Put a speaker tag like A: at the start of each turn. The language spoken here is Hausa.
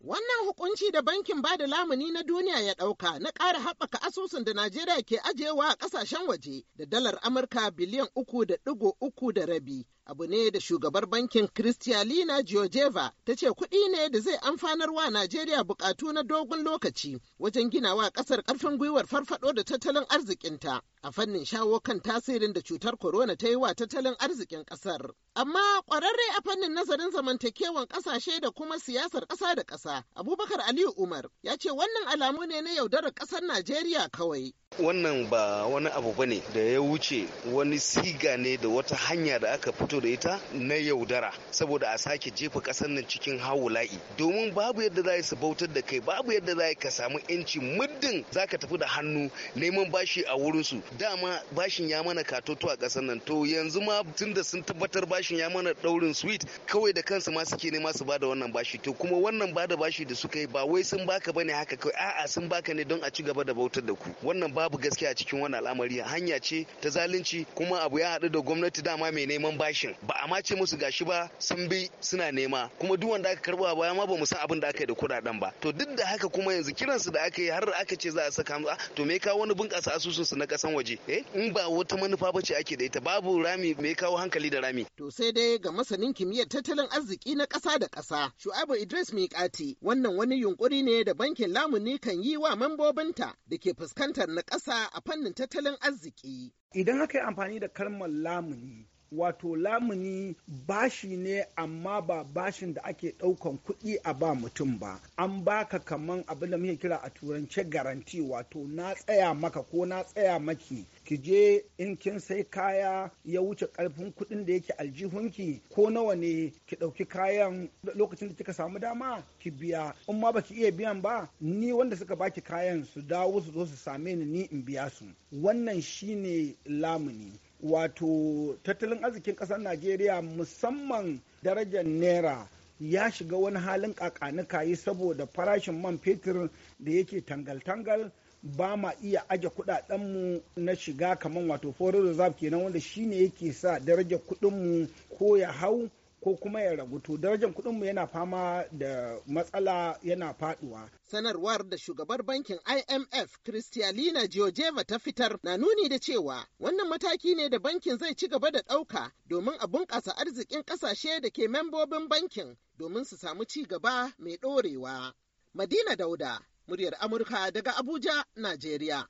A: Wannan hukunci da bankin bada lamuni na duniya ya ɗauka na ƙara haɓaka asusun da Najeriya ke ajiyewa a ƙasashen waje da dalar Amurka biliyan uku da ɗigo uku da rabi abu ne da shugabar bankin kristiyalina Georgieva ta ce kuɗi ne da zai amfanar wa Najeriya buƙatu na dogon lokaci wajen gina wa ƙasar ƙarfin gwiwar farfaɗo da tattalin arzikinta a fannin shawo kan tasirin da cutar corona ta yi wa tattalin arzikin ƙasar. Amma ƙwararre a fannin nazarin zamantakewan ƙasashe da kuma siyasar ƙasa da ƙasa, Abubakar Aliyu Umar ya ce wannan alamu ne na yaudarar ƙasar Najeriya kawai.
B: Wannan ba wani abu bane da ya wuce wani siga ne da wata hanya da aka fito da ita na yaudara saboda a sake jefa ƙasar nan cikin hawula'i domin babu yadda za su bautar da kai babu yadda za ka samu yanci muddin za ka tafi da hannu neman bashi a wurinsu dama bashin ya mana katoto a ƙasar nan to yanzu ma tun da sun tabbatar bashin ya mana ɗaurin sweet kawai da kansu ma suke nema su bada wannan bashi to kuma wannan bada bashi da suka yi ba wai sun baka bane haka kawai a'a sun baka ne don a ci gaba da bautar da ku wannan babu gaskiya cikin wannan al'amari hanya ce ta zalunci kuma abu ya haɗu da gwamnati dama mai neman bashin kashin ba a mace musu gashi ba sun bi suna nema kuma duk wanda aka karba baya ma ba mu san abin da aka yi da kudaden ba to duk da haka kuma yanzu su da aka yi har aka ce za a saka musu ah, to me kawo wani bunƙasa asusun su na kasan waje eh in ba wata manufa ba ce ake da ita babu rami me kawo hankali da rami
A: to sai dai ga masanin kimiyyar tattalin arziki na ƙasa da ƙasa Shu'abu Idris Miƙati wannan wani yunkuri ne da bankin lamuni kan yi wa mambobinta da ke fuskantar na ƙasa a fannin tattalin arziki idan aka yi amfani da kalmar lamuni wato
C: lamuni bashi ne amma ba bashin da ake ɗaukan kuɗi a ba mutum ba an baka kaman abin da muke kira a turance garanti wato na tsaya maka ko na tsaya maki ki je in kin sai kaya ya wuce karfin kuɗin da yake aljihunki ko nawa ne ki ɗauki kayan lokacin da kika samu dama ki biya in ma baki iya biyan ba ni wanda suka baki kayan su dawo su zo su same ni ni in biya su wannan shine lamuni wato tattalin arzikin ƙasar najeriya musamman darajar naira ya shiga wani halin kakanuka yi saboda farashin man fetur da yake tangal-tangal ba ma iya aje kudadenmu na shiga kamar wato foreign reserve kenan wanda shine yake sa darajar kudinmu ko ya hau ko kuma ya ragu to darajar kuɗinmu yana fama da matsala
A: yana faduwa. Sanarwar da shugabar bankin IMF Kristiyalina Georgieva ta fitar na nuni da cewa wannan mataki ne da bankin zai ci gaba da ɗauka domin a bunƙasa arzikin ƙasashe da ke membobin bankin domin su samu ci gaba mai ɗorewa. Madina Dauda, muryar Amurka daga Abuja, Najeriya.